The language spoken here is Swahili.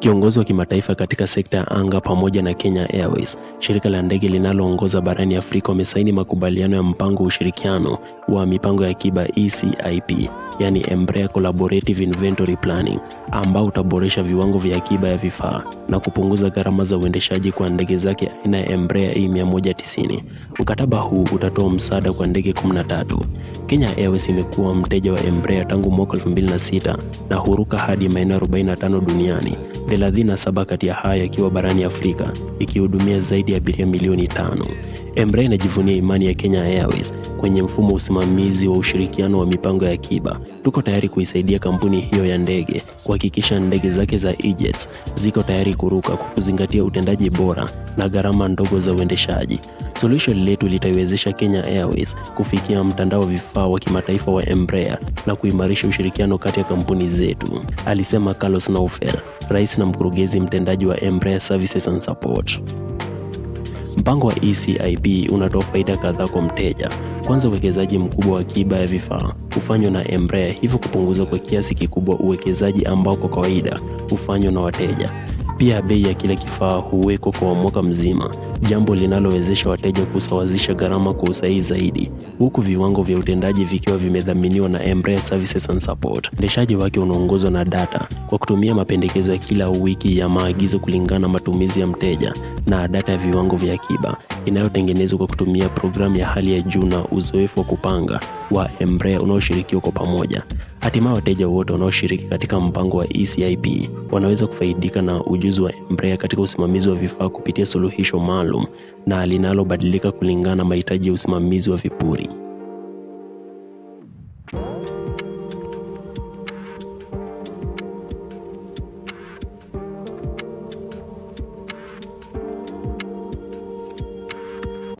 kiongozi wa kimataifa katika sekta ya anga pamoja na Kenya Airways, shirika la ndege linaloongoza barani Afrika, wamesaini makubaliano ya mpango wa ushirikiano wa mipango ya akiba ECIP, yani Embraer Collaborative Inventory Planning, ambao utaboresha viwango vya akiba ya vifaa na kupunguza gharama za uendeshaji kwa ndege zake aina ya Embraer E190. Mkataba huu utatoa msaada kwa ndege 13. Kenya Airways imekuwa mteja wa Embraer tangu mwaka 2006 na huruka hadi maeneo 45 duniani. 37 kati ya haya yakiwa barani Afrika, ikihudumia zaidi ya abiria milioni tano. Embraer inajivunia imani ya Kenya Airways kwenye mfumo wa usimamizi wa ushirikiano wa mipango ya akiba. Tuko tayari kuisaidia kampuni hiyo ya ndege kuhakikisha ndege zake za E-Jets ziko tayari kuruka kwa kuzingatia utendaji bora na gharama ndogo za uendeshaji. Solution letu litaiwezesha Kenya Airways kufikia mtandao wa vifaa wa kimataifa wa Embraer na kuimarisha ushirikiano kati ya kampuni zetu, alisema Carlos Naufel rais na mkurugenzi mtendaji wa Embraer Services and Support. Mpango wa ECIP unatoa faida kadhaa kwa mteja. Kwanza, uwekezaji mkubwa wa akiba ya vifaa hufanywa na Embraer, hivyo kupunguza kwa kiasi kikubwa uwekezaji ambao kwa kawaida hufanywa na wateja. Pia bei ya kila kifaa huwekwa kwa mwaka mzima, jambo linalowezesha wateja kusawazisha gharama kwa usahihi zaidi, huku viwango vya utendaji vikiwa vimedhaminiwa na Embraer Services and Support. Uendeshaji wake unaongozwa na data kwa kutumia mapendekezo ya kila wiki ya maagizo kulingana na matumizi ya mteja na data ya viwango vya akiba inayotengenezwa kwa kutumia programu ya hali ya juu na uzoefu wa kupanga wa Embraer unaoshirikiwa kwa pamoja. Hatimaye, wateja wote wanaoshiriki katika mpango wa ECIP wanaweza kufaidika na ujuzi wa Embraer katika usimamizi wa vifaa kupitia suluhisho maalum na linalobadilika kulingana na mahitaji ya usimamizi wa vipuri.